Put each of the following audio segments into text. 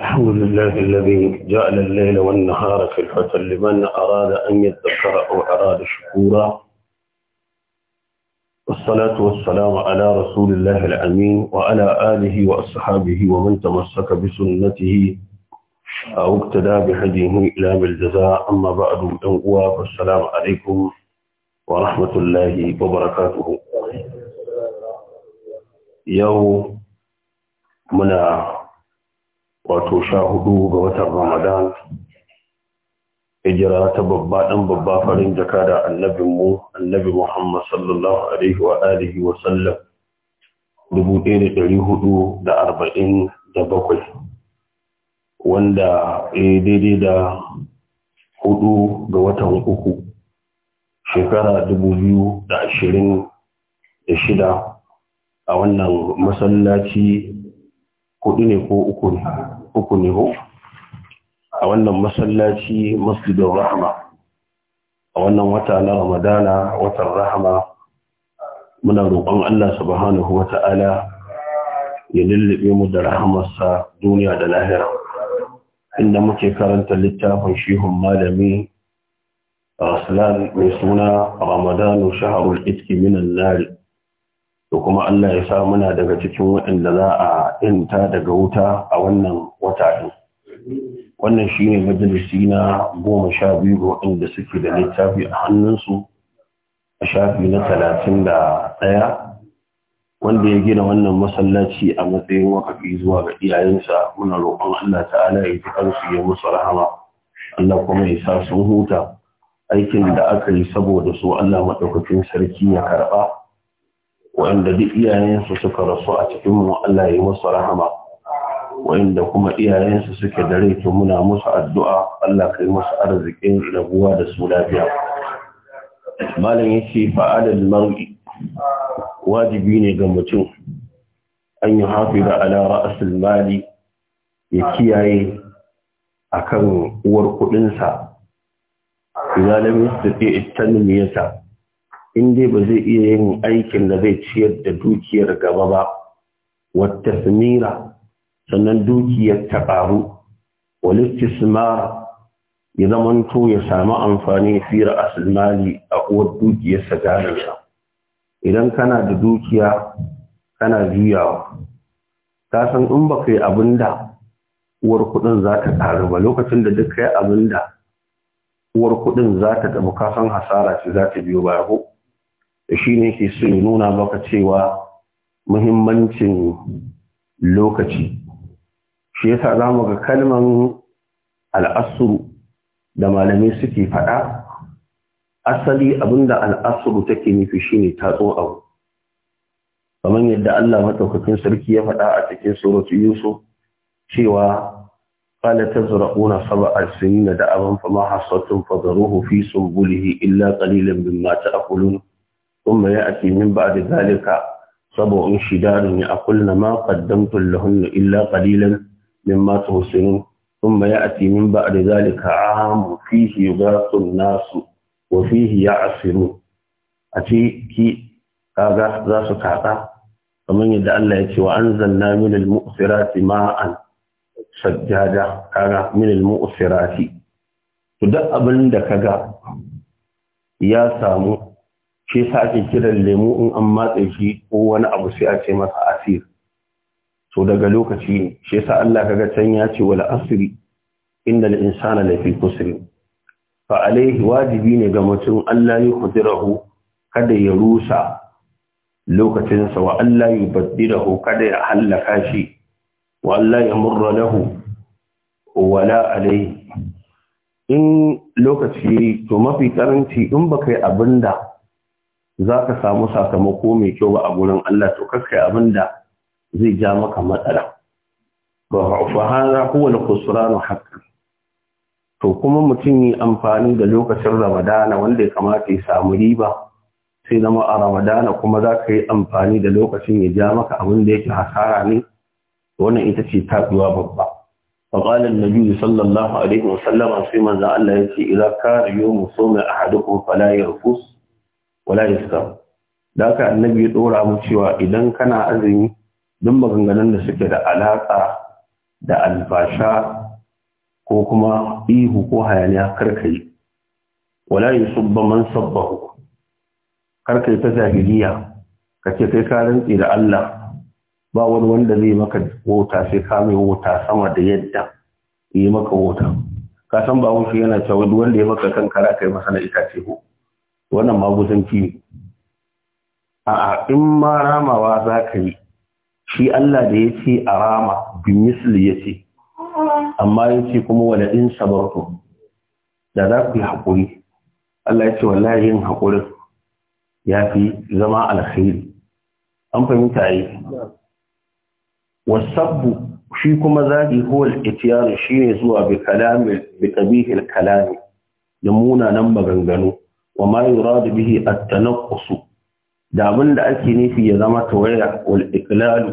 الحمد لله الذي جعل الليل والنهار في الحسن لمن أراد أن يتذكر أو أراد شكورا والصلاة والسلام على رسول الله الأمين وعلى آله وأصحابه ومن تمسك بسنته أو اقتدى بهديه إلى بالجزاء أما بعد أنقوا والسلام عليكم ورحمة الله وبركاته يوم منا wato sha hudu ga watan ramadan hijira ta babba ɗan babba farin jaka da annabin mu annabi muhammad sallallahu alaihi wa alihi wa sallam dubu ɗaya hudu da arba'in da bakwai wanda ya daidai da hudu ga watan uku shekara dubu biyu da ashirin da shida a wannan masallaci hudu ne ko uku ne uku ne ko a wannan masallaci masjidin rahama a wannan wata na ramadana watan Rahma, muna roƙon Allah subhanahu wa ya lullube mu da rahamarsa duniya da lahira inda muke karanta littafin shihun malami Raslan mai suna Ramadanu shaharul itki minan nari da kuma Allah ya sa muna daga cikin waɗanda za a ɗinta daga wuta a wannan wata ɗin wannan shi ne majalisi na goma sha biyu ga waɗanda suke da littafi a hannunsu a shafi na talatin da ɗaya wanda ya gina wannan masallaci a matsayin wakafi zuwa ga iyayensa muna roƙon Allah ta'ala ya ji kansu ya musu rahama Allah kuma ya sa sun huta aikin da aka yi saboda su Allah maɗaukakin sarki ya karɓa wa'inda duk iyayensu suka rasu a cikin mu Allah ya musu rahama wa'inda kuma iyayensu suke da rai to muna musu addu'a Allah kai musu arzikin rabuwa da su lafiya malam yace ba mar'i wajibi ne ga mutum an yi hafiza ala al mali ya kiyaye akan uwar sa idan lam yastati at in dai ba zai iya yin aikin da zai ciyar da dukiyar gaba ba wata samira sannan dukiyar ta ƙaru walittismara ya zamanto ya sami amfani fira ra'asul a uwar dukiyar ganinsa idan kana da dukiya kana juyawa ka san in ba kai abin da uwar kuɗin za ta ƙaru ba lokacin da duk kai abin da uwar kuɗin za ta tabu ka san hasara ce za ta biyo baya ko shi ne ke so ya nuna maka cewa muhimmancin lokaci shi yasa za ga kalman al'asuru da malamai suke faɗa asali abinda al'asuru take nufi shine tatso abu kamar yadda Allah mataukakin sarki ya faɗa a cikin suratu Yusuf cewa قال تزرعون سبع سنين دأبا فما حصدتم فذروه في سنبله إلا قليلا مما تأكلون ثم يأتي من بعد ذلك سبع شداد يأكلن ما قدمت لهن إلا قليلا مما تحسنون ثم يأتي من بعد ذلك عام فيه يغاث الناس وفيه يعصرون أتي كي كاغا ذا سكاتا kamar yadda Allah ya ce wa anzalna minal mu'sirati ma'an sajjada kaga minal mu'sirati to duk abin da kaga ya samu shi sa ake kiran lemu in an matse shi ko wani abu sai a ce masa asir to daga lokaci shi sa Allah kaga can ya ce wal asri innal insana lafi kusri fa Alayhi, wajibi ne ga mutum Allah ya kudirahu kada ya rusa lokacinsa wa Allah ya baddirahu kada ya hallaka shi wa Allah ya murra lahu wala alaihi in lokaci to mafi karanci in baka yi abinda za ka samu sakamako mai kyau ba a gurin Allah to kaskai abin da zai ja maka matsala fa hada huwa al-khusran haqqan to kuma mutum yi amfani da lokacin Ramadana wanda ya kamata ya samu riba sai zama a Ramadana kuma za ka yi amfani da lokacin ya ja maka abin da yake hasara ne wannan ita ce taɗuwa babba فقال النبي صلى الله عليه وسلم في من ذا الله يتي إذا كان يوم صوم أحدكم فلا يرفس wala iska da haka annabi ya dora mu cewa idan kana azumi duk maganganun da suke da alaka da albasha ko kuma ihu ko hayaniya karka yi wala yusubba man sabbahu karka yi ta zahiriya ka ce kai ka rantsi da Allah ba wani wanda zai maka wuta sai ka mai wuta sama da yadda yi maka wuta ka san ba wuce yana cewa duk wanda ya maka kankara kai masa na itace ko wannan magusanci ne a'a in ma ramawa za ka yi shi Allah da ya ce a rama bin misli ya ce amma ya ce kuma wani ɗin sabarto da za ku yi haƙuri Allah ya ce wallahi yin haƙurin ya fi zama alkhairi an fahimta yi wasabbu shi kuma zaɓi huwal itiyar shi ne zuwa bi kalamin bi ƙabihin kalami da munanan maganganu wa ma yuradu bihi at-tanaqqus da abin da ake nufi ya zama tawaya wal iqlal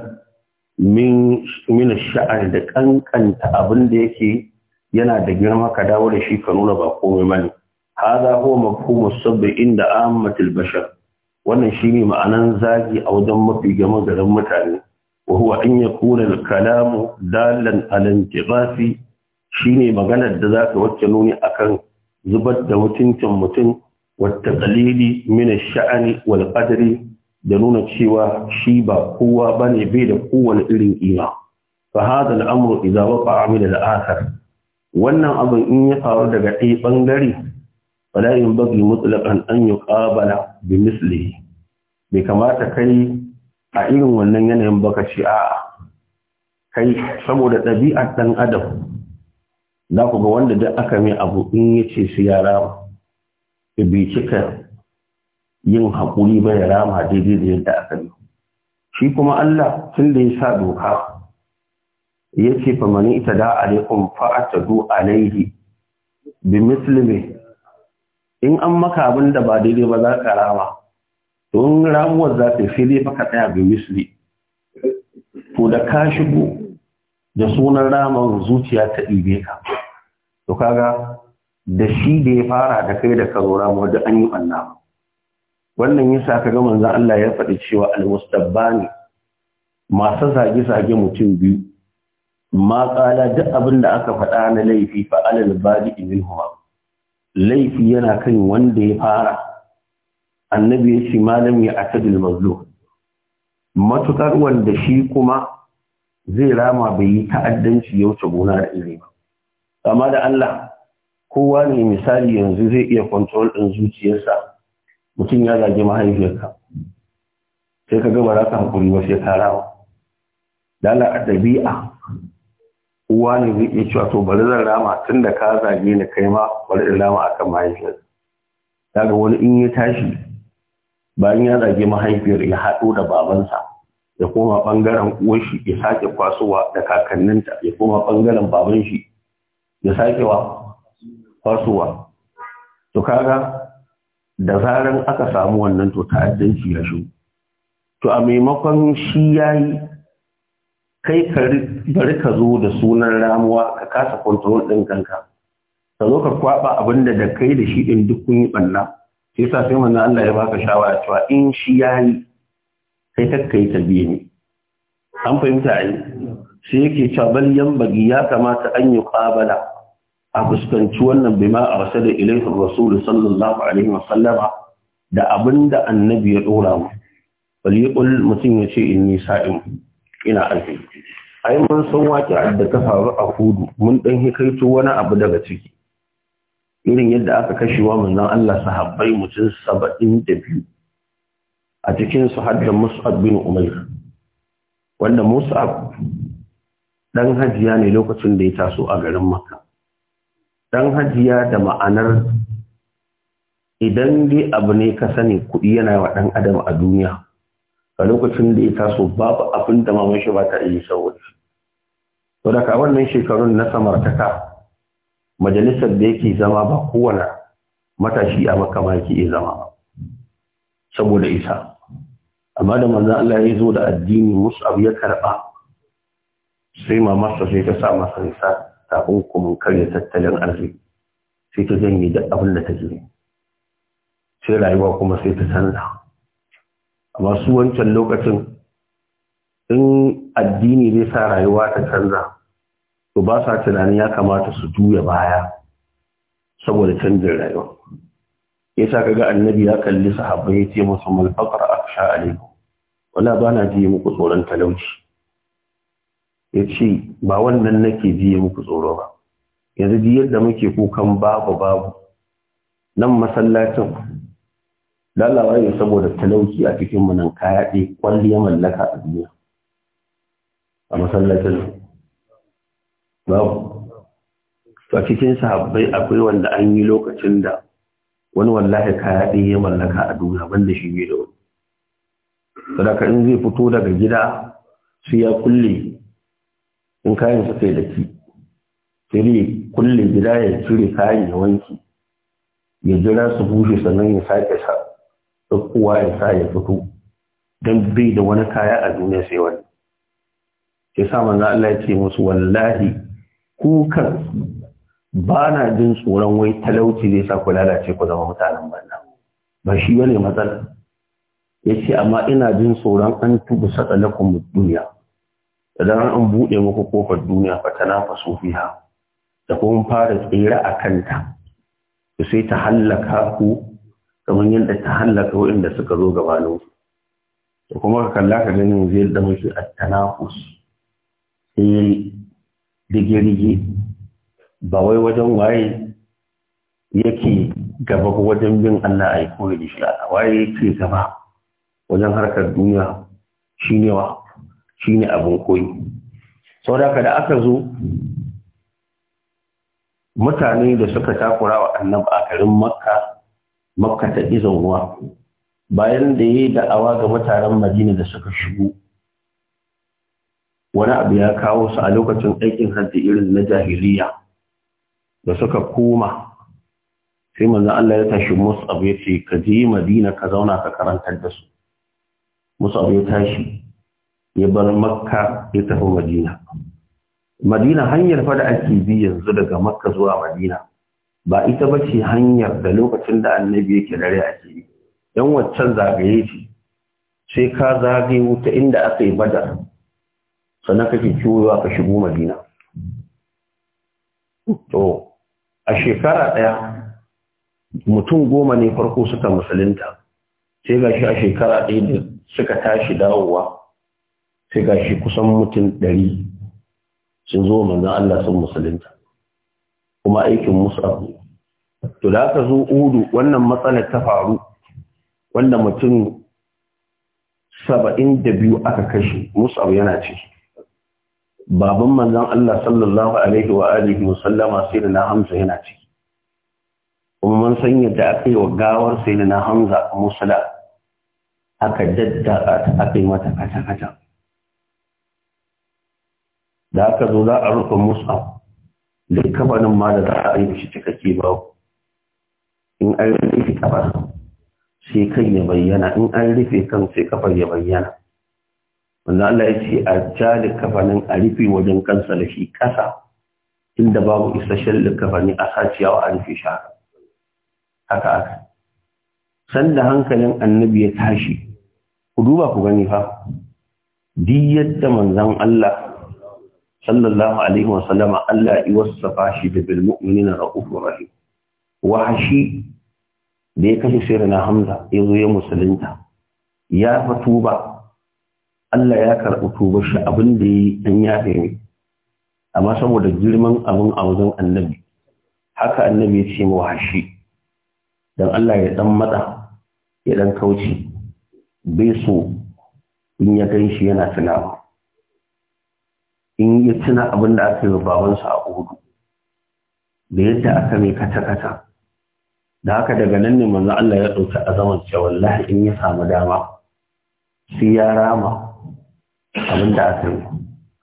min min sha'ani da kankanta abin da yake yana da girma ka dawo da shi ka nuna ba komai bane hada huwa mafhumu sabbi inda ammatul bashar wannan shine ma'anan zagi a wajen mafi gama garin mutane wa huwa an yakuna al-kalamu dalan ala intibafi shine maganar da zaka wacce nuni akan zubar da mutuncin mutum والتقليل من الشأن والقدر da nuna cewa shi ba kowa bane bai da kowane irin ima fa hada al'amru idza waqa amila al-akhar wannan abin in ya faru daga ɗaya bangare wala in bagi mutlaqan an yuqabala bi mislihi bai kamata kai a irin wannan yanayin baka ce a'a kai saboda ɗabi'ar dan adam za ku ga wanda da aka mai abu in ce su yara da bai cika yin haƙuri ba ya rama daidai da yadda aka yi shi kuma Allah tun da ya sa doka ya ce fa mani ita da alaikum fa atadu alaihi bi musulmi in an maka abin da ba daidai ba za ka rama don ramuwar za ta fi dai ka tsaya bi musulmi. to da ka shigo da sunan raman zuciya ta ɗibe ka to kaga da shi da ya fara da kai da karora mu da an yi manna wannan yasa kaga manzon Allah ya faɗi cewa al-mustabbani masu zage-zage mutum biyu ma kala duk abin da aka faɗa na laifi fa alal badi minhu laifi yana kan wanda ya fara annabi ya ce malam ya atadil mazlum matukar wanda shi kuma zai rama bai yi ta'addanci ya wuce gona da iri ba amma da Allah kowa ne misali yanzu zai iya kwantarwar ɗin zuciyarsa mutum ya zage mahaifiyarka sai ka gaba za ka haƙuri ba sai ka rawa dala a ɗabi'a Kowa ne zai iya cewa to bari zan rama tun da ka zage ni kai ma bari in rama akan mahaifiyar daga wani in ya tashi bayan ya zage mahaifiyar ya haɗo da babansa ya koma ɓangaren uwarshi ya sake kwasowa da kakanninta ya koma ɓangaren baban ya sake fasowa to kaga da zaran aka samu wannan to ta'addanci ya shi to a maimakon shi yayi kai bari ka zo da sunan ramuwa ka kasa kontrol ɗin kanka ka zo ka kwaba abinda da kai da shi din duk kun yi ɓanna. sai sa sai manzo Allah ya baka shawara cewa in shi yayi kai ta kai ta biye ne an fahimta ai sai yake cewa bal yan bagi ya kamata an yi qabala a fuskanci wannan bima a rasa da ilaihin rasulun sallallahu alaihi wasallama da abin da annabi ya dora mu waliƙul mutum ya ce inni sa'im ina alfi ai mun san waƙi da ta faru a hudu mun ɗan hikaito wani abu daga ciki irin yadda aka kashe wa manzan Allah sahabbai mutum saba'in da biyu a cikin su da Mus'ab bin Umair wanda Mus'ab Ɗan hajiya ne lokacin da ya taso a garin Makka dan hajiya da ma'anar idan dai abu ne ka sani kuɗi yana wa ɗan adam a duniya a lokacin da ita taso babu abin da mamashi ba ta yi saboda shi to daga wannan shekarun na samartaka majalisar da yake zama ba kowane matashi a makama ya zama ba saboda isa amma da manzan Allah ya zo da addini abu ya karɓa sai mamarsa sai ta sa masa nisa kafin kuma karya tattalin arziki sai ta zanyi da abin da take sai rayuwa kuma sai ta canza amma su wancan lokacin in addini zai sa rayuwa ta canza to ba sa tunanin ya kamata su juya baya saboda canjin rayuwa Ya sa kaga annabi ya kalli sahabbai ya ce musu mal a afsha alaikum wala bana ji muku tsoron talauci ya ce ba wannan nake ya muku tsoro ba yanzu ji yadda muke kukan babu babu nan masallacin lalawa ne saboda talauki a cikin nan kaya ɗaya kwalliya mallaka a duniya a masallacin babu a cikin sahabbai akwai wanda an yi lokacin da wani wallahi kaya ɗaya ya mallaka a duniya banda shi bai da wani sadaka in zai fito daga gida su ya kulle in kayan suka yi datti sai kulle gida ya cire kayan ya wanki ya jira su bushe sannan ya sake sa kowa ya sa ya fito don bai da wani kaya a duniya sai wani ke sa manzo Allah ya ce musu wallahi kukan ba na jin tsoron wai talauci zai sa ku lalace ku zama mutanen banna ba shi bane matsala ce amma ina jin tsoron an tubu sadalakum duniya da zaran an buɗe muku kofar duniya fa tanafasu fiha da kun fara tsira a kanta to sai ta hallaka ku kamar yadda ta hallaka waɗanda suka zo gabanin ku da kuma ka kalla ka ganin zai da mashi a tanafus sai rige ba wai wajen waye yake gaba wajen bin Allah a yi da shi waye yake gaba wajen harkar duniya shi ne wa Shi ne abin koyi sau da aka zo mutane da suka takura wa annabi a karin makka makka ta izanwa bayan da yi da'awa ga mutanen madina da suka shigo wani abu ya kawo su a lokacin aikin hajji irin na jahiliya da suka koma sai manzan Allah ya tashi musu abu ya ce ka je Madina ka zauna ka karantar da su musu abu ya tashi ya bar makka ya tafi madina madina hanyar fa da ake bi yanzu daga makka zuwa madina ba ita ba ce hanyar da lokacin da annabi yake dare ake yi yan waccan zagaye ce sai ka zagaye wuta inda aka yi badar sannan kake kiwowa ka shigo madina to a shekara ɗaya mutum goma ne farko suka musulunta sai ga shi a shekara ɗaya da suka tashi dawowa sai ga shi kusan mutum ɗari sun zo manzan Allah sun musulunta kuma aikin musafu to da aka zo udu wannan matsalar ta faru wanda mutum saba'in da biyu aka kashe musafu yana ce baban manzan Allah sallallahu alaihi wa alihi wa sallama sai da na hamza yana ce kuma mun san yadda aka yi wa gawar sai da na hamza musula aka dadda aka yi mata kata-kata da aka zo za a rufe musa da kafanin ma da za a yi shi cikakke ba in an rufe kafar sai kan ya bayyana in an rufe kan sai kafar ya bayyana wanda Allah ya ce a ja da kafanin a rufe wajen kansa da shi kasa inda babu isasshen likafani a saciyawa a rufe shi haka haka sanda hankalin annabi ya tashi ku duba ku gani fa duk yadda manzon Allah sallallahu alaihi wasallama Allah ya wasafa shi da bil mu'minina ra'ufur rahim wahashi da ya kashe sirrina Hamza ya zo ya musulunta ya fa tuba Allah ya karɓi tubar shi abin da yi dan ya ne amma saboda girman abin a wajen annabi haka annabi ya ce wahashi dan Allah ya dan matsa ya dan kauce bai so in ya gan shi yana tunawa in ya tuna abin da aka yi babansa a hudu da yadda aka mai kata-kata da haka daga nan ne manzan Allah ya ɗauki azaman cewa wallahi in ya samu dama sai ya rama abin da aka yi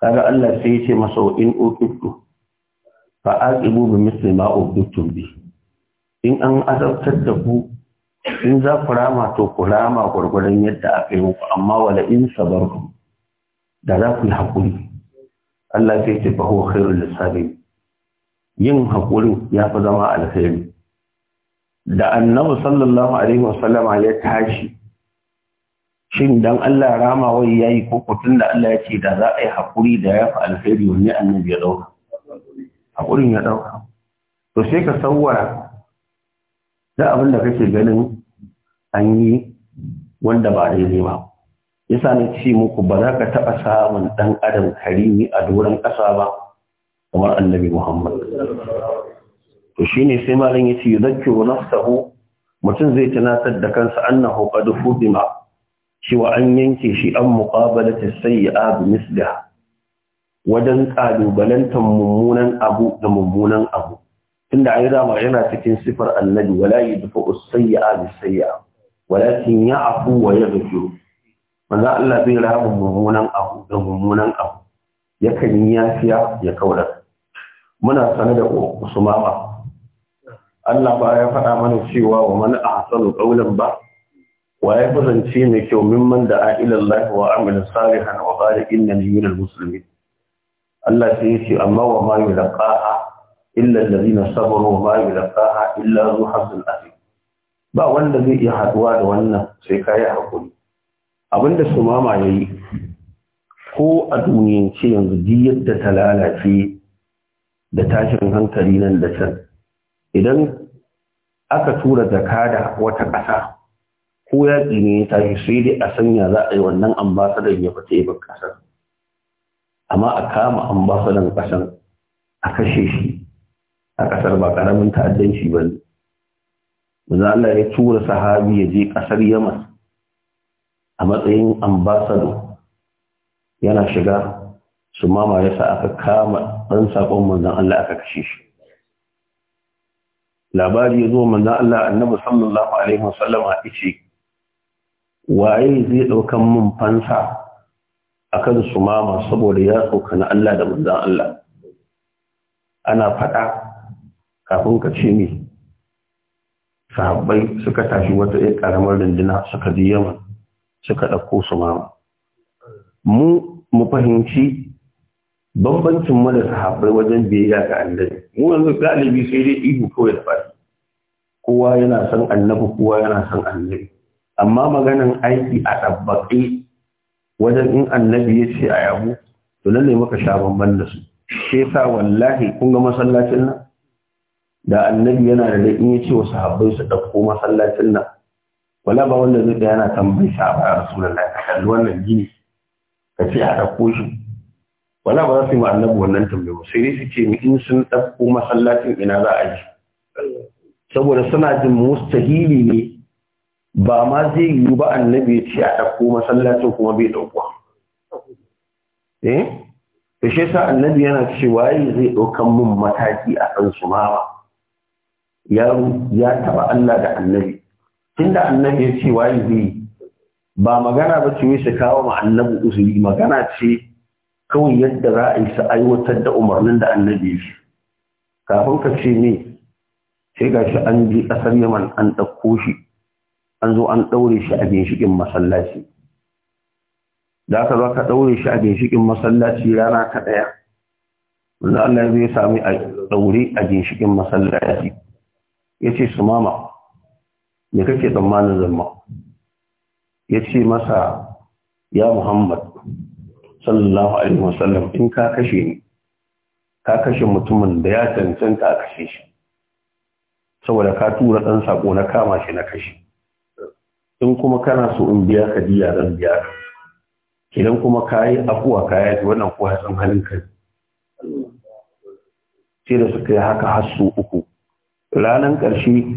kaga Allah sai ya ce masa in uqibtu fa aqibu bi misli ma uqibtum bi in an azabtar da ku in za ku rama to ku rama gwargwadon yadda aka yi muku amma wala in sabarku da za ku yi hakuri Allah sai ce fa huwa khairul lisabi yin hakuri ya fi zama alkhairi da annabi sallallahu alaihi ya tashi shin dan Allah rama wai yayi ko kutun da Allah ya ce da za a yi hakuri da ya fi alkhairi wanne annabi ya dauka hakurin ya dauka to sai ka sawwara da abin da kake ganin an yi wanda ba daidai ba yasa na ce muku ba za ka taɓa samun ɗan adam karimi a doron ƙasa ba kamar annabi muhammad to ne sai malam ya ce yuzakkiru nafsahu mutum zai tunatar da kansa annahu qad fudima cewa an yanke shi an muqabalati sayyi'a bi misliha wajen ƙalubalantar mummunan abu da mummunan abu tunda ai zama yana cikin sifar annabi wala yudfa as-sayyi'a bis-sayyi'a walakin ya'fu wa yaghfiru manzo Allah bai rahama mummunan abu da mummunan abu yakan yi yafiya ya kaura muna sane da usumama Allah ba ya faɗa mana cewa wa man ahsanu qawlan ba wa ya zance mai kyau mimman da a ilallahi wa amilin salihan wa bada inna liyunar musulmi Allah sai yace amma wa ma yi laƙa'a illa lalazina sabaru wa ma yi illa zu hazin ba wanda zai iya haɗuwa da wannan sai ka yi haƙuri abinda su mama ya yi ko a ce yanzu ji yadda ta lalace da tashin hankali nan da can idan aka tura da wata ƙasa ko yaƙi ne ya tashi sai dai a sanya za a yi wannan ambasadan ya fita ibin ƙasar amma a kama ambasadan ƙasar a kashe shi a ƙasar ba ƙaramin ta'addanci ba ne Allah ya tura sahabi ya je ƙasar Yaman a matsayin ambasado yana shiga su mama ya sa aka kama ɗan saƙon manzan Allah aka kashe shi labari ya zo manzan Allah annabi sallallahu alaihi wasallam a ice waye zai ɗaukan mun fansa akan su mama saboda ya na Allah da manzan Allah ana faɗa kafin ka ce ni sahabbai suka tashi wata ƴan ƙaramar runduna suka ji Yaman suka ɗauko su ma mu mu fahimci bambancin mu da sahabbai wajen biyayya ga annabi mu yanzu galibi sai dai ihu kawai da faɗi kowa yana son annabi kowa yana son annabi amma maganan aiki a ɗabbaƙe wajen in annabi ya ce a yabo, to lalle maka sha bamban da su shi sa wallahi kun ga masallacin nan da annabi yana da in ya ce wa sahabbai su ɗauko masallacin nan wala ba wanda zai yana tambayi shi a baya rasulullahi ka kalli wannan gini ka ce a ɗauko shi wala ba za su yi annabi wannan tambayi sai dai su ce in sun dauko masallacin ina za a yi saboda suna jin mustahili ne ba ma zai yiwu ba annabi ya ce a dauko masallacin kuma bai dauko eh da shi sa annabi yana cewa yi zai ɗaukan mun mataki a kan su ma ya taɓa Allah da annabi tunda annabi ya ce waye zai ba magana ba ce wai su kawo ma annabi uzuri magana ce kawai yadda za a yi su aiwatar da umarnin da annabi ya ce kafin ka ce ne sai ga shi an je ƙasar yaman an ɗauko shi an zo an ɗaure shi a ginshiƙin masallaci da aka zo ka ɗaure shi a ginshiƙin masallaci rana ta ɗaya wanda Allah zai sami a ɗaure a ginshiƙin masallaci ya ce su mama me kake tsammanin zama ya ce masa ya muhammad sallallahu alaihi wasallam in ka kashe ni ka kashe mutumin da ya cancanta a kashe shi saboda ka tura ɗan saƙo na kama shi na kashe in kuma kana so in biya ka diya zan biya ka idan kuma ka yi afuwa ka yi wannan kuwa san halin kai sai da suka yi haka har uku ranar ƙarshe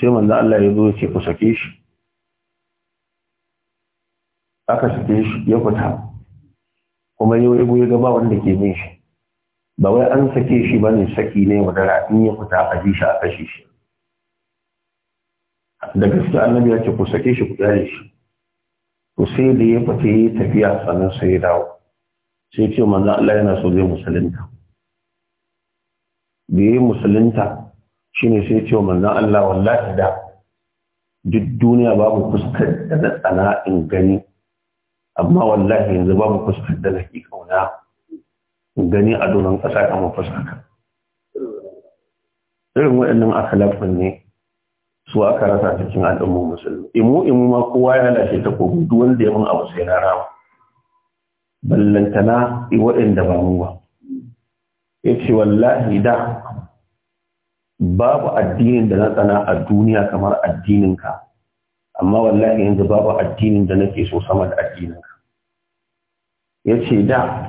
sai manzo Allah ya zo ya ce ku sake shi aka sake shi ya fita kuma yau ya goyi gaba wanda ke min shi ba wai an sake shi ba ne saki ne dara in ya fita a ji shi a kashe shi da gaske annabi ya ce ku sake shi ku kyale shi Ku sai da ya fita ya tafiya sannan sai ya dawo sai ce manzo Allah yana so zai musulunta da ya musulunta ne sai ce wa Allah wallahi da duk duniya babu fuskar da na tsana in gani amma wallahi yanzu babu fuskar da na kauna in gani a doron ƙasa kama fuskaka irin waɗannan akalafin ne su aka rasa cikin al'ummar musulmi imu imu ma kowa ya lafi ta kogo duk wanda ya mun abu sai na rawa ballantana waɗanda ba mu ba ya ce wallahi da babu addinin da na tsana a duniya kamar addininka amma wallahi yanzu babu addinin da nake so sama da addininka ya ce da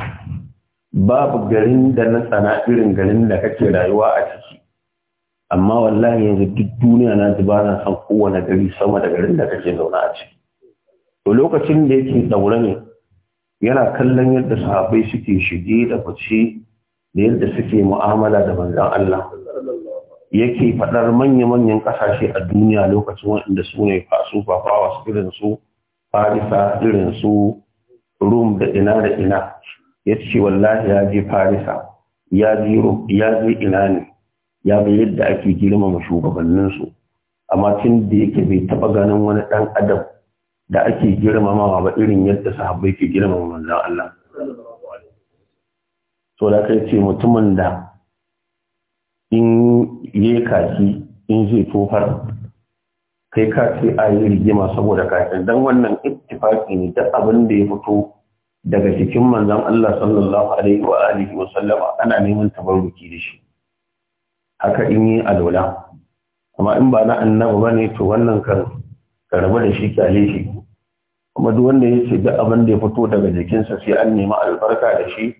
babu garin da na tsana irin garin da kake rayuwa a ciki amma wallahi yanzu duk duniya na zuba na san kowane gari sama da garin da kake zauna a ciki to lokacin da yake daure ne yana kallon yadda sahabai suke shige da fice da yadda suke mu'amala da manzon Allah yake faɗar manya-manyan ƙasashe a duniya lokacin wanda su ne fasu fafawa su irin su farisa irin su rum da ina da ina ya ce wallahi ya je farisa ya je rum ya je ina ne ya bi yadda ake girmama shugabanninsu amma tun da yake bai taɓa ganin wani ɗan adam da ake girmamawa ba irin yadda sahabbai ke girmama manzon Allah. to da kai ce mutumin da in yi kaki in zai tofar kai ka ce a yi rigima saboda kafin don wannan ittifaki ne duk abin da ya fito daga cikin manzon Allah sallallahu alaihi wa alihi wa sallama ana neman tabarruki da shi haka in yi alwala amma in ba na annabi bane to wannan kan karba da shi kyale shi kuma duk wanda ya ce duk abin da ya fito daga jikinsa sai an nemi albarka da shi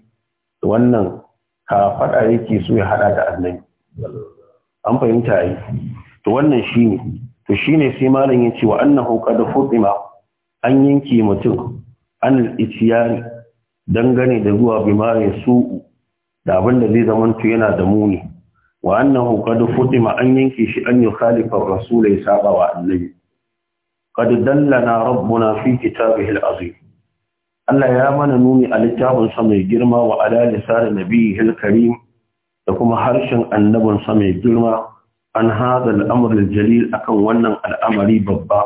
wannan ka faɗa yake so ya haɗa da annabi an fahimta yi to wannan shi ne to shi ne sai malam ya ce wa annahu qad futima an yanke mutum an al dangane da zuwa bimare su da abin da zai zama to yana da muni wa annahu qad futima an yanke shi an yukhalifa ar-rasul ya saba wa annabi qad dallana rabbuna fi kitabihi al-azim Allah ya mana nuni a littafin sa mai girma wa alal sar nabiyhi al-karim da kuma harshen annabin sa mai girma an haɗa al'amr al-jalil akan wannan al'amari babba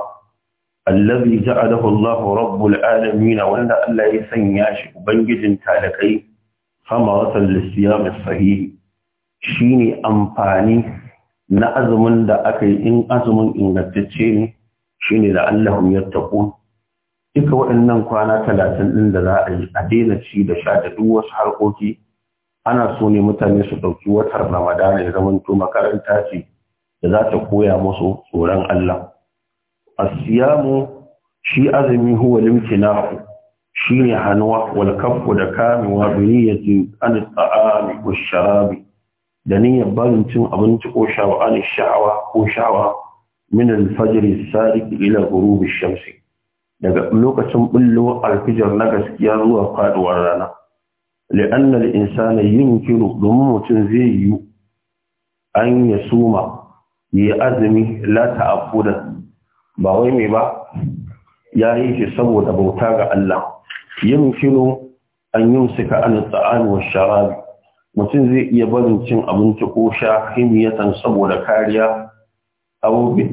allazi ja'alahu Allah rabbul alamin wanda Allah ya sanya shi ubangijin talakai hamaratul mai as shi ne amfani na azumin da aka yi in azumin ingantacce ne shine da Allahum yattaqun duka waɗannan kwana talatin ɗin da za a yi a daina ci da sha da duk wasu harkoki ana so ne mutane su ɗauki watan ramadana ya zama to makaranta ce da za ta koya musu tsoron Allah asiyamu shi azumi huwa shi shine hanwa wal kaffu da kamewa ya niyyati an ta'ami wa sharabi da niyyar barin cin abinci ko shawa an sha'awa ko shawa min al-fajr sadiq ila ghurub Shamsi. daga lokacin bullo al-fajr na gaskiya zuwa faduwar rana li'annal insana yin kiro domin mutum zai yi an ya suma yi azumi lata akuda ba wai mai ba ya yi shi saboda bauta ga Allah yin kiro an yi suka an tsa'ani wa sharabi mutum zai iya barin cin abinci ko sha himiyatan saboda kariya abu bi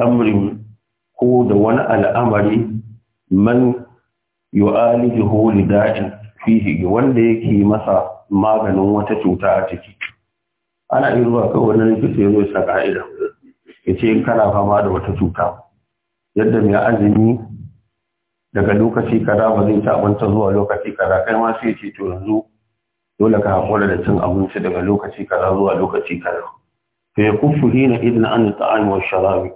ko da wani al'amari man yu'alihu li da'in fihi wanda yake masa maganin wata cuta a ciki ana iya zuwa kai wannan likita zai zo ya ce in kana fama da wata cuta yadda mai azumi daga lokaci kaza ba zai ci zuwa lokaci kaza kai ma sai ce to yanzu dole ka haƙura da cin abinci daga lokaci kaza zuwa lokaci kaza fa yakuffu hina idan an ta'am wa sharabi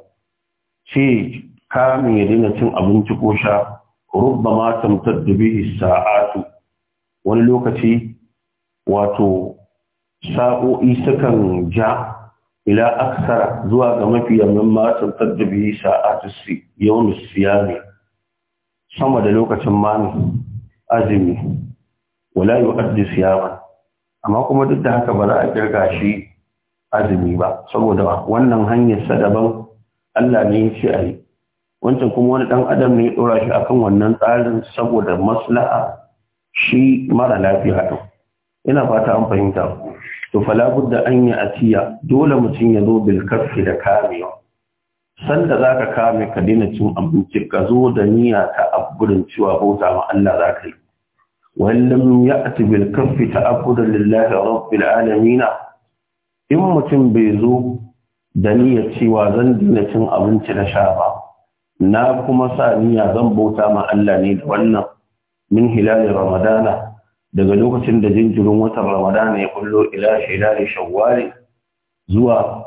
shi kamin ya daina cin abinci ko sha rubbama tamtaddu bihi sa'atu wani lokaci wato sa'o'i sukan ja ila aksara zuwa ga mafi yammin matan taddabi sa'atu yawon ne sama da lokacin mani azumi wala siya ba amma kuma duk da haka ba za a kirga shi azumi ba saboda wannan hanyar sadaban Allah ne ya ce a yi wancan kuma wani dan adam ne ya dora shi akan wannan tsarin saboda masla'a. shi mara lafiya ɗin ina fata an fahimta to falabud da an yi atiya dole mutum ya zo bilkafi da kamewa sanda za ka kame ka daina cin abinci ka zo da niyya ta abubuwan cewa bauta ma Allah za ka yi wallam ya ati bilkafi ta abubuwan lillahi rabbil alamina in mutum bai zo da niyya cewa zan daina cin abinci na sha ba na kuma sa niyya zan bauta ma Allah ne da wannan min hilali ramadana daga lokacin da jinjirin watan ramadana ya kullo ila hilali shawwali zuwa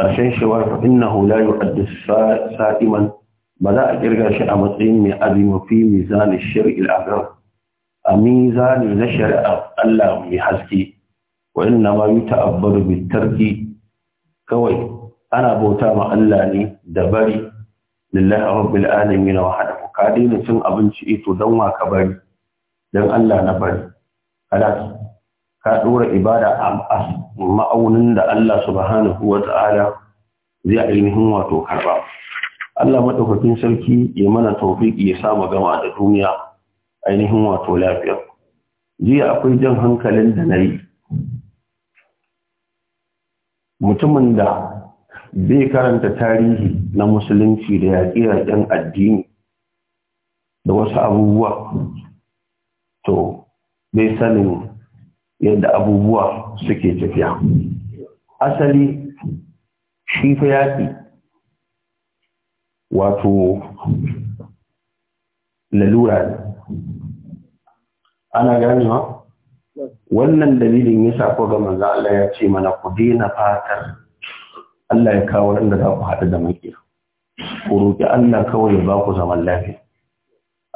ƙarshen shawar fa hula la sa'iman ba za a kirga shi a matsayin mai azimafi mai zani shari'il azam a mizani na shari'a Allah mai haske wa inna ma yuta'abbadu bit kawai ana bauta ma Allah ne da bari lillahi rabbil alamin wahda ka daina cin abinci eh to dan wa ka bari dan Allah na bari kada ka dora ibada a ma'aunin da Allah subhanahu wa ta'ala zai ainihin wato karba Allah madaukakin sarki ya mana tawfiki ya sa mu gama da duniya ainihin wato lafiya jiya akwai jan hankalin da nayi mutumin da bai karanta tarihi na musulunci da yaƙi yan addini da wasu abubuwa to bai sanin yadda abubuwa suke tafiya asali shi fa yaƙi wato lalura ne ana ganewa wannan dalilin ya sako ga manzo Allah ya ce mana ku daina fatar Allah ya kawo inda za ku haɗu da maƙiya ku roƙi Allah kawai ya ba ku zaman lafiya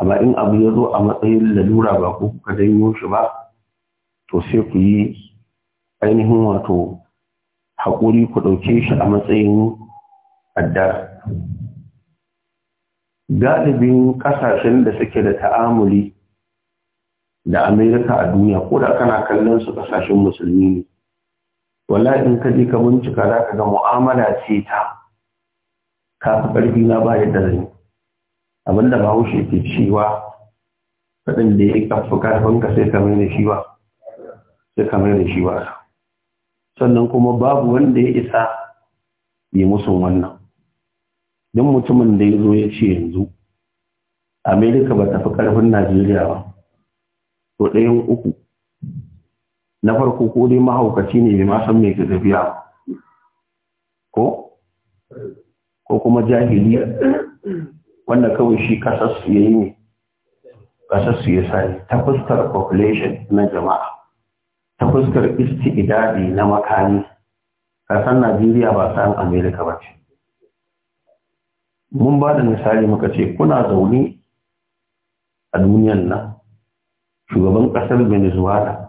amma in abu ya zo a matsayin lalura ba ko kuka janyo shi ba to sai ku yi ainihin wato haƙuri ku ɗauke shi a matsayin adda galibin ƙasashen da suke da ta'amuli da amerika a duniya ko da kana kallon su ƙasashen musulmi ne Wala in ka je ka bincika za ka ga mu'amala ce ta kafa ƙarfi na ba yadda zai abinda bahaushe ke cewa faɗin da ya kafa karfinka sai kamar da shiwa sai kamar da shiwa sannan kuma babu wanda ya isa yi musu wannan don mutumin da ya zo ya ce yanzu amerika ba tafi karfin najeriya ba to ɗayan uku na farko ko dai mahaukaci ne bai ma san mai tafiya ko ko kuma jahili wanda kawai shi kasassu ya yi ne kasassu ya sa ta fuskar population na jama'a ta fuskar isti'idadi na makami kasan najeriya ba san amerika ba ce mun ba da misali muka ce kuna zaune a duniyan nan shugaban kasar venezuela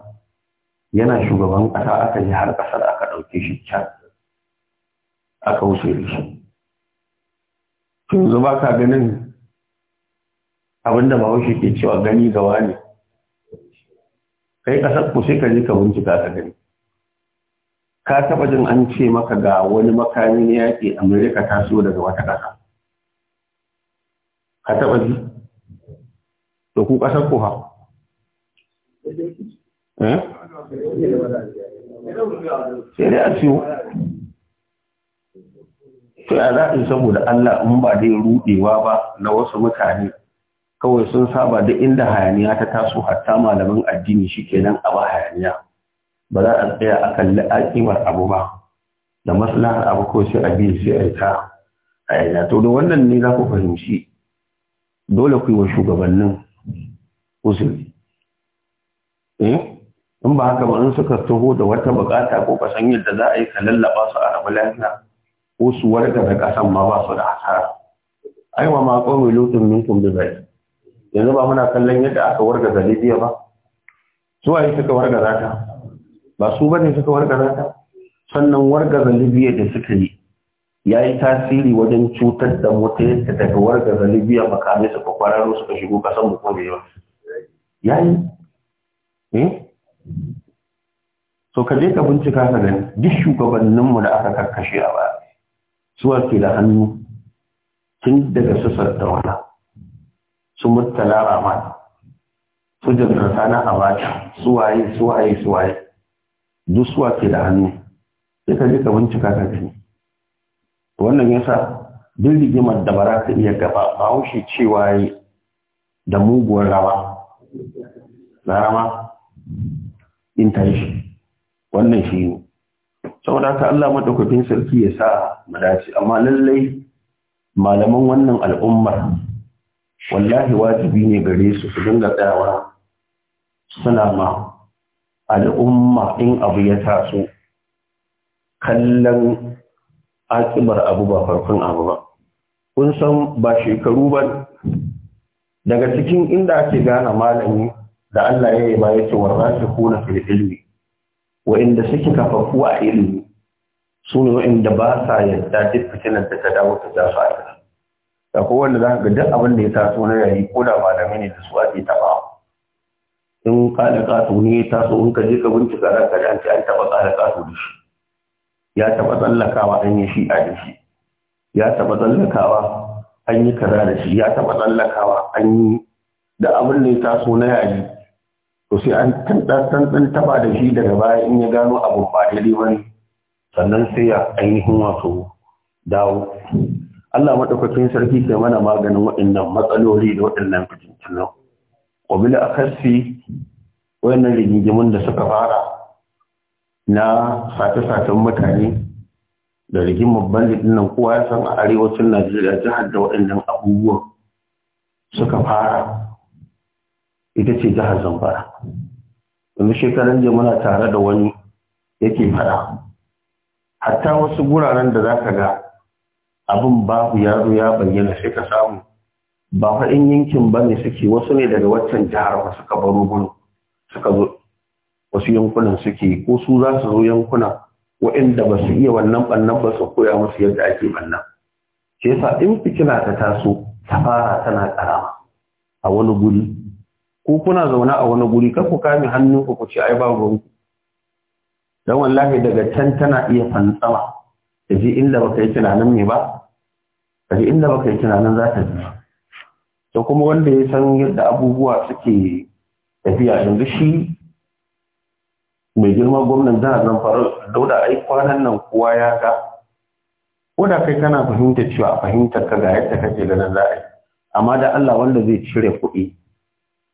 yana shugaban kasa aka yi har kasar aka ɗauke shi can aka wuce da shi yanzu ba ka ganin abinda bahaushe ke cewa gani gawa ne kai kasar ku sai ka je ka bincika ka gani ka taba jin an ce maka ga wani makamin na yaƙi amerika ta so daga wata ƙasa ka taba ji to ku kasar ku ha eh? sai dai a ciwo to ya za in saboda Allah in ba dai ruɗewa ba na wasu mutane kawai sun saba da inda hayaniya ta taso hatta malamin addini shikenan a ba hayaniya ba za a tsaya a kalli aƙimar abu ba da maslahar abu ko sai a sai a yi ta hayaniya to da wannan ne za ku fahimci dole ku yi wa shugabannin uzuri eh? in ba haka ba in suka taho da wata bukata ko kasan yadda za a yi ka lallaɓa su a rabu lafiya Wasu su warga da ƙasan ma ba su da hasara aiwa ma qawmi lutun minkum bi bai yanzu ba muna kallon yadda aka warga da Libya ba su ayi suka warga zata ba su bane suka warga zata sannan warga da Libya da suka yi ya yi tasiri wajen cutar da mutane daga warga da Libya makamai suka kwararo suka shigo kasan mu ko da yawa yayi eh so ka je ka bincika ka gani duk shugabanninmu da aka karkashe a baya suwa ke da hannu tun daga sassar da wala su mutala rama su jirgarta na abata suwaye suwaye suwaye duk suwa ke da hannu sai ka je ka bincika ka gani wannan yasa duk rigimar da ba za ta iya gaba ba haushe cewa da muguwar rawa rama in ta wannan shi ne saboda ka Allah madaukakin sarki ya sa mu dace amma lallai malaman wannan al'ummar wallahi wajibi ne gare su su dinga tsayawa suna ma al'umma in abu ya taso kallon akibar abu ba farkon abu ba kun san ba shekaru ba daga cikin inda ake gane malami da Allah ya yi ba ya ce warra shi kuna fil ilmi wa'inda suke kafafu a ilimi su ne wa'inda ba sa yadda duk fitinar da ta dawo ta zafa a da kowanne za ka ga duk abin da ya taso na yayi ko da da ne da su ake taba in kada kasu ne ya taso in ka je ka bincika za ka an an taba kada kasu da shi ya taba tsallakawa an yi shi a da shi ya taba tsallakawa an yi kaza da shi ya taba tsallakawa an yi da abin da ya taso na yayi to sai an tantan taba da shi daga baya in ya gano abun ba dai wani sannan sai ya ainihin wato dawo Allah madaukakin sarki kai mana maganin waɗannan matsaloli da waɗannan fitintunu a akasi wayannan rigingimun da suka fara na sace-sacen mutane da rigimar bandit nan kowa ya san a arewacin Najeriya jihar da waɗannan abubuwan suka fara ita ce jihar zamfara yanzu shekaran jiya muna tare da wani yake faɗa. hatta wasu guraren da za ka ga abin babu ya ya bayyana sai ka samu ba faɗin yankin ba ne suke wasu ne daga waccan jihar ba suka baro gudu suka zo wasu yankunan suke ko su za su zo yankuna waɗanda ba su iya wannan ɓannan ba su koya musu yadda ake ɓannan Ke sa in fikina ta taso ta fara tana ƙarama a wani guri ku kuna zauna a wani guri kar ku kame hannun ku ce ai babu ruwan dan wallahi daga can tana iya fantsama Kaji inda baka yi tunanin me ba Kaji inda baka yi tunanin za ta ji to kuma wanda ya san yadda abubuwa suke tafiya yanzu shi mai girma gwamnan jihar Zamfara dauda ai kwanan nan kowa ya ga ko da kai kana fahimtar cewa fahimtar ka ga yadda kake ganin za a amma da Allah wanda zai cire kuɗi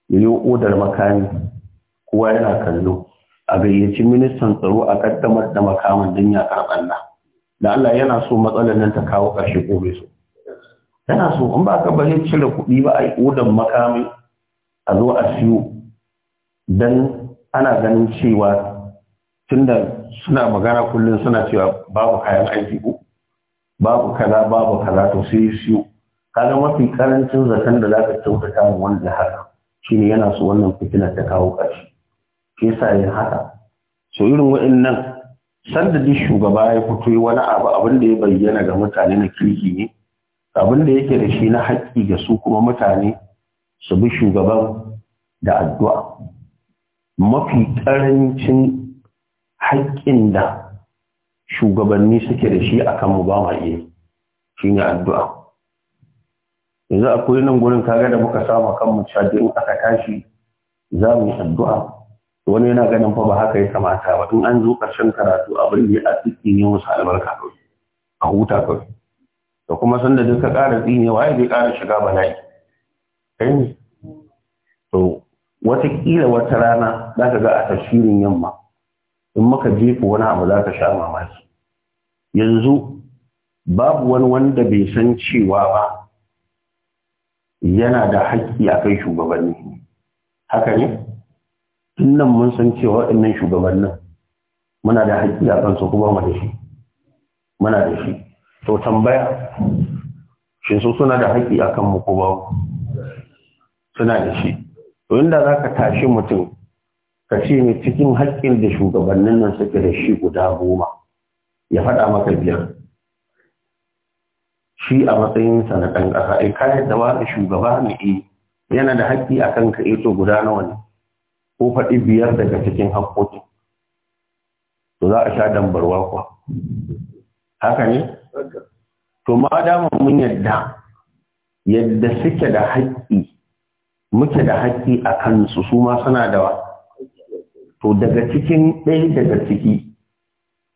ya yi odar makami kowa yana kallo a gayyaci ministan tsaro a kaddamar da makaman don ya karɓanna da Allah yana so matsalar nan ta kawo ƙarshe gobe so yana so in ba ka ba zai cire kuɗi ba a yi odar makami a zo a siyo don ana ganin cewa tunda suna magana kullum suna cewa babu kayan aiki ko babu kaza babu kaza to sai siyo kaga mafi karancin zaton da za ka kyautata wanda haka Shin yana su wannan fitilar ta kawo ƙarshe Ke sa yin haka so irin waɗannan sanda duk shugaba ya fito yi wani abu abin da ya bayyana ga mutane na kirki ne abin da yake da shi na haƙƙi ga su kuma mutane su bi shugaban da addu'a mafi ƙarancin haƙƙin da shugabanni suke da shi akan mu ba ma iya shi ne addu'a yanzu akwai nan gurin kaga da muka sama kanmu caji in aka tashi za mu yi addu'a wani yana ganin fa ba haka ya kamata ba in an zo ƙarshen karatu abin da ya tsiki ne musu albarka kawai a huta kawai da kuma sanda duk ka ƙara tsine waye zai ƙara shiga bala'i kai ne to watakila wata rana za ka ga a tafsirin yamma in muka jefa wani abu za ka sha mamaki yanzu babu wani wanda bai san cewa ba yana da haƙƙi a kai shugabanni haka ne tun nan mun san cewa waɗannan shugabannin muna da haƙƙi a kansu kuma mu da shi muna da shi to tambaya shi su suna da haƙƙi a kan mu kuma suna da shi to inda za ka tashi mutum ka ce mai cikin haƙƙin da shugabannin nan suke da shi guda goma ya faɗa maka biyar shi a matsayinsa na ɗan ƙasa ai eh, ka yadda ba ka shugaba ne eh yana da haƙƙi a kan ka eh, to guda nawa ne ko faɗi biyar daga cikin haƙƙoƙi, to za a sha dambarwa kuwa haka ne to ma dama mun yadda yadda suke da haƙƙi muke da haƙƙi a kansu su ma suna da wa to daga cikin ɗaya daga ciki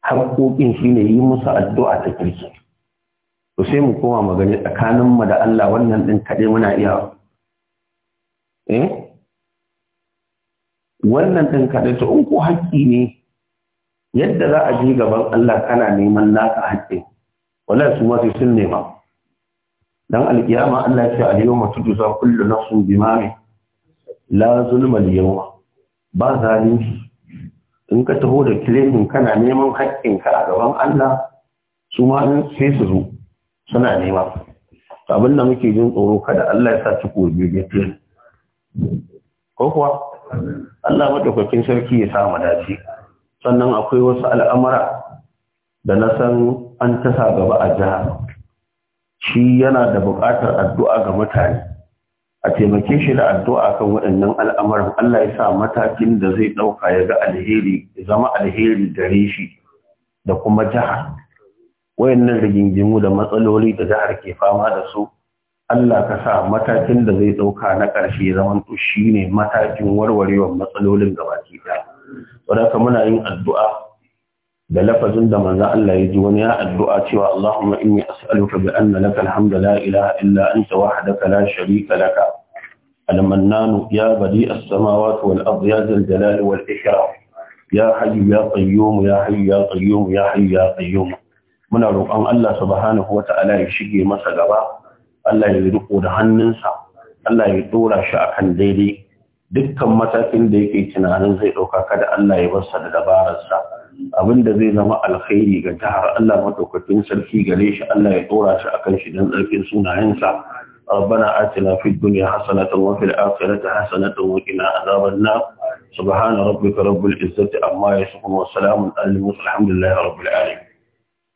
haƙƙoƙin shine yi musu addu'a ta kirki to sai mu koma magani tsakaninmu da Allah wannan ɗin kaɗai muna iya eh wannan ɗin kaɗai to in ko haƙƙi ne yadda za a ji gaban Allah kana neman naka haƙƙi wala su ma sun nema dan alkiyama Allah ya ce yau mutu za kullu nafsin bima la zulma yawma ba zalunci in ka taho da kilemin kana neman haƙƙinka a gaban Allah su ma sai su zo suna nema abin da muke jin tsoro kada Allah ya sa ci gobe ya ko kuwa Allah madaukakin sarki ya sa dace sannan akwai wasu al'amara da na san an tasa gaba a jihar shi yana da buƙatar addu'a ga mutane a taimake shi da addu'a kan waɗannan al'amuran Allah ya sa matakin da zai ɗauka ya ga alheri zama alheri gare shi da kuma jihar wayannan rigingimu da matsaloli da jihar ke fama da su Allah ka sa matakin da zai ɗauka na ƙarshe zaman to shine matakin warwarewar matsalolin gabaki ɗaya saboda muna yin addu'a da lafazin da manzo Allah ya ji wani ya addu'a cewa Allahumma inni as'aluka bi anna laka alhamdu la ilaha illa anta wahdaka la sharika laka al-mannan ya badi as-samawati wal ardi ya zal jalali wal ikram ya hayyu ya qayyum ya hayyu ya qayyum ya ya muna roƙon Allah subhanahu wata'ala ya shige masa gaba Allah ya riko da hannunsa Allah ya dora shi akan daidai dukkan matakin da yake tunanin zai ɗauka kada Allah ya barsa da dabararsa abinda zai zama alkhairi ga jihar Allah madaukakin sarki gare shi Allah ya dora shi akan shi dan tsarkin sunayensa ربنا آتنا في الدنيا حسنة وفي الآخرة حسنة وقنا عذاب النار سبحان ربك رب العزة عما يصفون وسلام على المرسلين الحمد لله رب العالمين